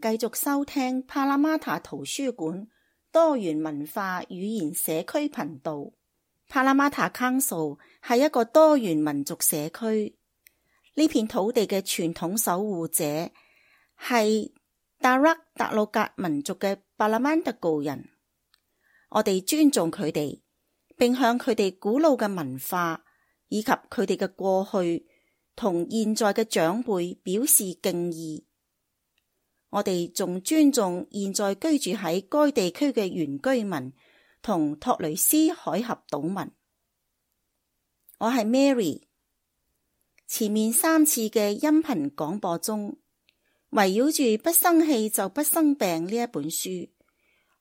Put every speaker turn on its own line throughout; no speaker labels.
繼續收聽帕拉馬塔圖書館多元文化語言社區頻道。帕拉馬塔 council 係一個多元民族社區，呢片土地嘅傳統守護者係達拉達魯格民族嘅巴拉曼特高人。我哋尊重佢哋，並向佢哋古老嘅文化以及佢哋嘅過去同現在嘅長輩表示敬意。我哋仲尊重現在居住喺該地區嘅原居民同托雷斯海峽島民。我係 Mary。前面三次嘅音頻廣播中，圍繞住不生氣就不生病呢一本書，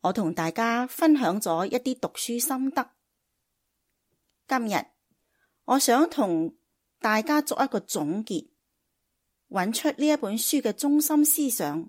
我同大家分享咗一啲讀書心得。今日我想同大家作一個總結。揾出呢一本書嘅中心思想，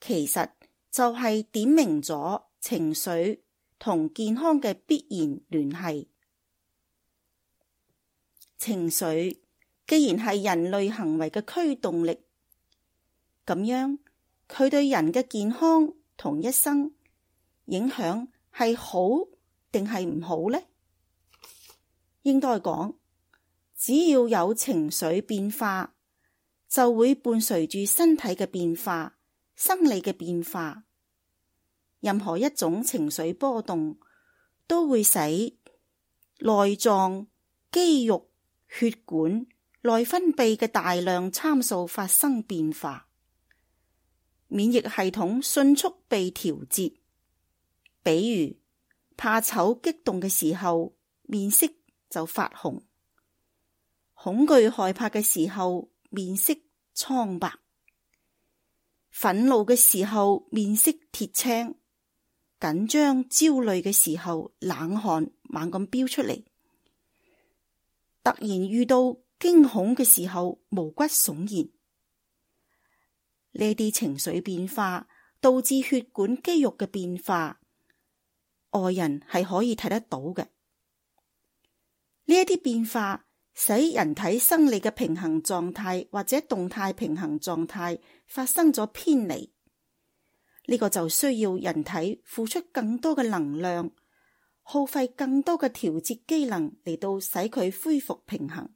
其實就係點明咗情緒同健康嘅必然聯繫。情緒既然係人類行為嘅驅動力，咁樣佢對人嘅健康同一生影響係好定係唔好呢？應該講，只要有情緒變化。就會伴隨住身體嘅變化，生理嘅變化，任何一種情緒波動都會使內臟、肌肉、血管、內分泌嘅大量參數發生變化，免疫系統迅速被調節。比如怕醜、激動嘅時候，面色就發紅；恐懼、害怕嘅時候。面色蒼白，憤怒嘅時候面色鐵青，緊張焦慮嘅時候冷汗猛咁飆出嚟，突然遇到驚恐嘅時候毛骨悚然。呢啲情緒變化導致血管肌肉嘅變化，外人係可以睇得到嘅。呢一啲變化，使人體生理嘅平衡狀態或者動態平衡狀態發生咗偏離，呢個就需要人體付出更多嘅能量，耗費更多嘅調節機能嚟到使佢恢復平衡。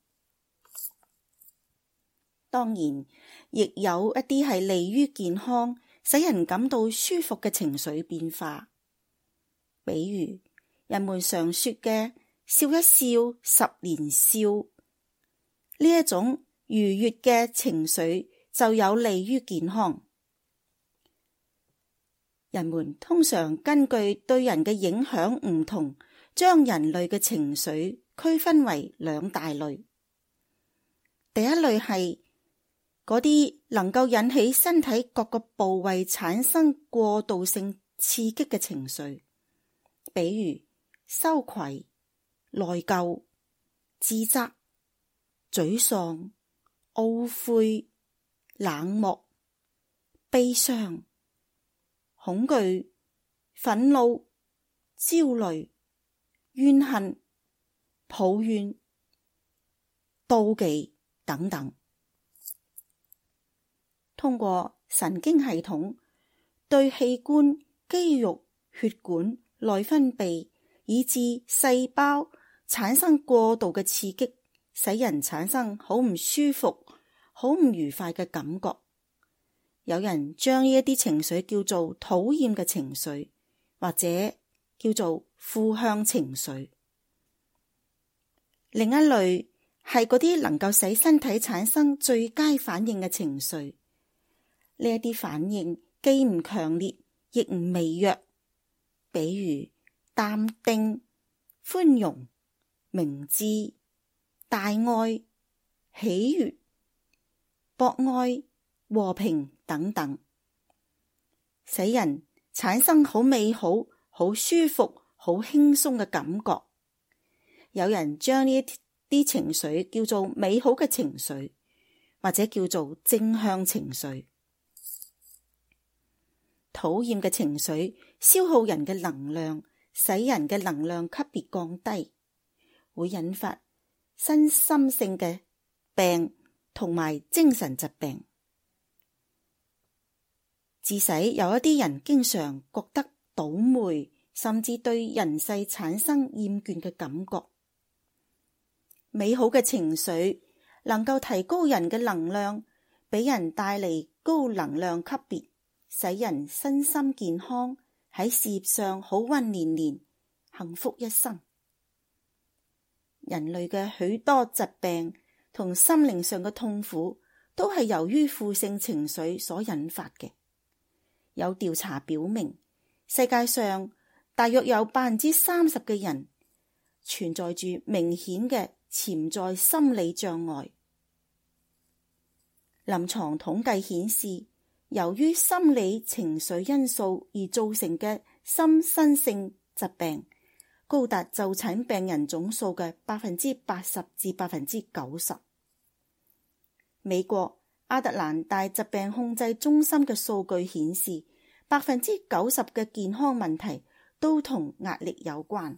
當然，亦有一啲係利於健康、使人感到舒服嘅情緒變化，比如人們常說嘅。笑一笑，十年少。呢一種愉悅嘅情緒就有利於健康。人們通常根據對人嘅影響唔同，將人類嘅情緒區分為兩大類。第一類係嗰啲能夠引起身體各個部位產生過度性刺激嘅情緒，比如羞愧、內疚、自責、沮喪、懊悔、冷漠、悲傷、恐懼、憤怒、焦慮、怨恨、抱怨、妒忌等等，通過神經系統對器官、肌肉、血管、內分泌，以至細胞。產生過度嘅刺激，使人產生好唔舒服、好唔愉快嘅感覺。有人將呢一啲情緒叫做討厭嘅情緒，或者叫做負向情緒。另一類係嗰啲能夠使身體產生最佳反應嘅情緒。呢一啲反應既唔強烈，亦唔微弱，比如淡定、寬容。明智、大愛、喜悅、博愛、和平等等，使人產生好美好、好舒服、好輕鬆嘅感覺。有人將呢啲情緒叫做美好嘅情緒，或者叫做正向情緒。討厭嘅情緒消耗人嘅能量，使人嘅能量級別降低。會引發身心性嘅病同埋精神疾病，致使有一啲人經常覺得倒霉，甚至對人世產生厭倦嘅感覺。美好嘅情緒能夠提高人嘅能量，俾人帶嚟高能量級別，使人身心健康，喺事業上好運連連，幸福一生。人類嘅許多疾病同心靈上嘅痛苦，都係由於負性情緒所引發嘅。有調查表明，世界上大約有百分之三十嘅人存在住明顯嘅潛在心理障礙。臨床統計顯示，由於心理情緒因素而造成嘅心身性疾病。高達就診病人總數嘅百分之八十至百分之九十。美國亞特蘭大疾病控制中心嘅數據顯示，百分之九十嘅健康問題都同壓力有關。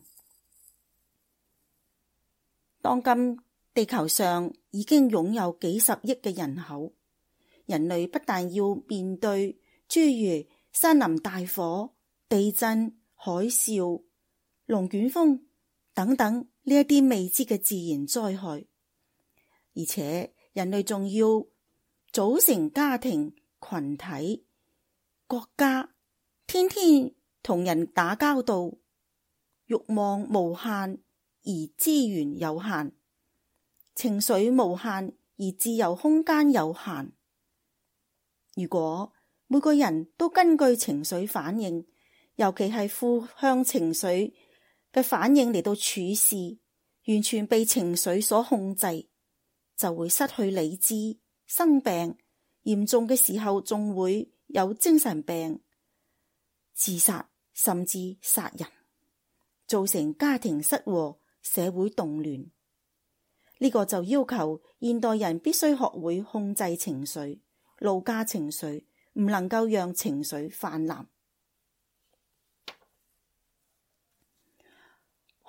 當今地球上已經擁有幾十億嘅人口，人類不但要面對諸如山林大火、地震、海嘯。龍捲風等等呢一啲未知嘅自然災害，而且人類仲要組成家庭、群體、國家，天天同人打交道，欲望無限而資源有限，情緒無限而自由空間有限。如果每個人都根據情緒反應，尤其係負向情緒。嘅反應嚟到處事，完全被情緒所控制，就會失去理智，生病嚴重嘅時候仲會有精神病、自殺甚至殺人，造成家庭失和、社會動亂。呢、這個就要求現代人必須學會控制情緒、怒加情緒，唔能夠讓情緒泛濫。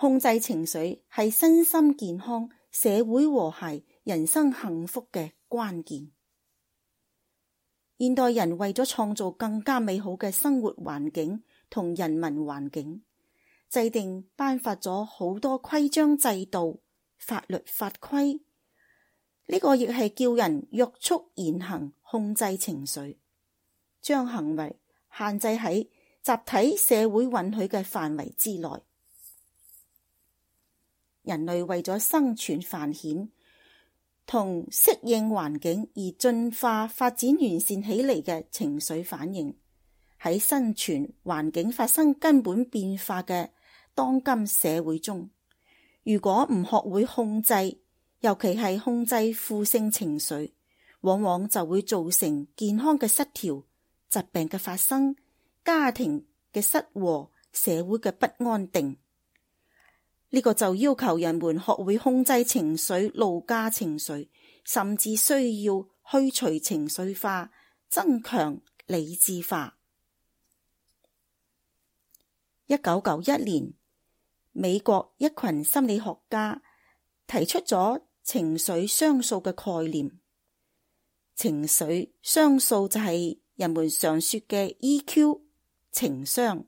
控制情緒係身心健康、社會和諧、人生幸福嘅關鍵。現代人為咗創造更加美好嘅生活環境同人文環境，制定頒發咗好多規章制度、法律法規。呢個亦係叫人約束言行，控制情緒，將行為限制喺集體社會允許嘅範圍之內。人類為咗生存繁衍同適應環境而進化、發展完善起嚟嘅情緒反應，喺生存環境發生根本變化嘅當今社會中，如果唔學會控制，尤其係控制負性情緒，往往就會造成健康嘅失調、疾病嘅發生、家庭嘅失和、社會嘅不安定。呢個就要求人們學會控制情緒、駕馭情緒，甚至需要去除情緒化，增強理智化。一九九一年，美國一群心理學家提出咗情緒商數嘅概念。情緒商數就係人們常說嘅 E.Q. 情商，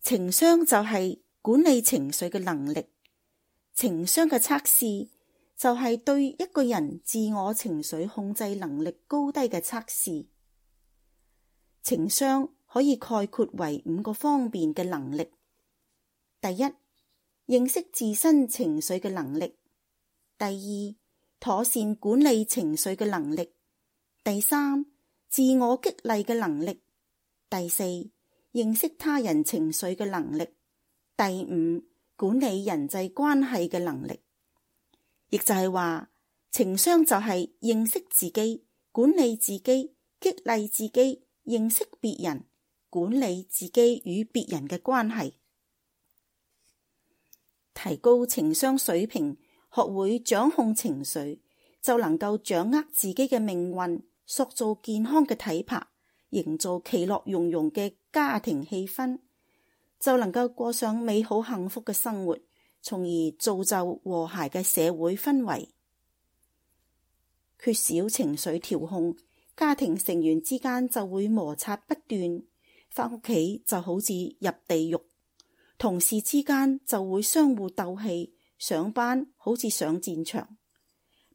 情商就係、是。管理情緒嘅能力，情商嘅測試就係、是、對一個人自我情緒控制能力高低嘅測試。情商可以概括為五個方面嘅能力：第一，認識自身情緒嘅能力；第二，妥善管理情緒嘅能力；第三，自我激勵嘅能力；第四，認識他人情緒嘅能力。第五，管理人際關係嘅能力，亦就係話情商就係認識自己、管理自己、激勵自己、認識別人、管理自己與別人嘅關係。提高情商水平，學會掌控情緒，就能夠掌握自己嘅命運，塑造健康嘅體魄，營造其樂融融嘅家庭氣氛。就能夠過上美好幸福嘅生活，從而造就和諧嘅社會氛圍。缺少情緒調控，家庭成員之間就會摩擦不斷，返屋企就好似入地獄；同事之間就會相互鬥氣，上班好似上戰場。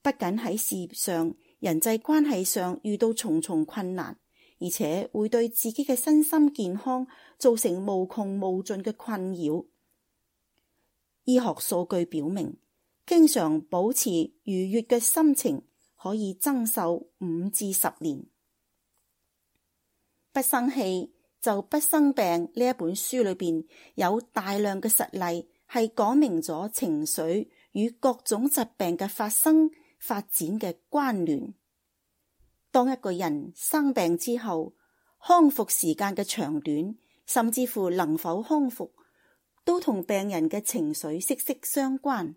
不僅喺事業上、人際關係上遇到重重困難。而且會對自己嘅身心健康造成無窮無盡嘅困擾。醫學數據表明，經常保持愉悅嘅心情可以增壽五至十年。不生氣，就不生病呢一本書裏邊有大量嘅實例，係講明咗情緒與各種疾病嘅發生發展嘅關聯。當一個人生病之後，康復時間嘅長短，甚至乎能否康復，都同病人嘅情緒息息相關。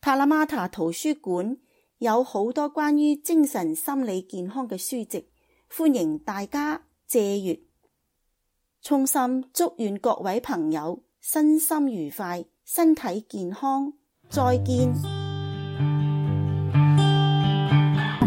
塔拉瑪塔圖書館有好多關於精神心理健康嘅書籍，歡迎大家借閱。衷心祝願各位朋友身心愉快，身體健康。再見。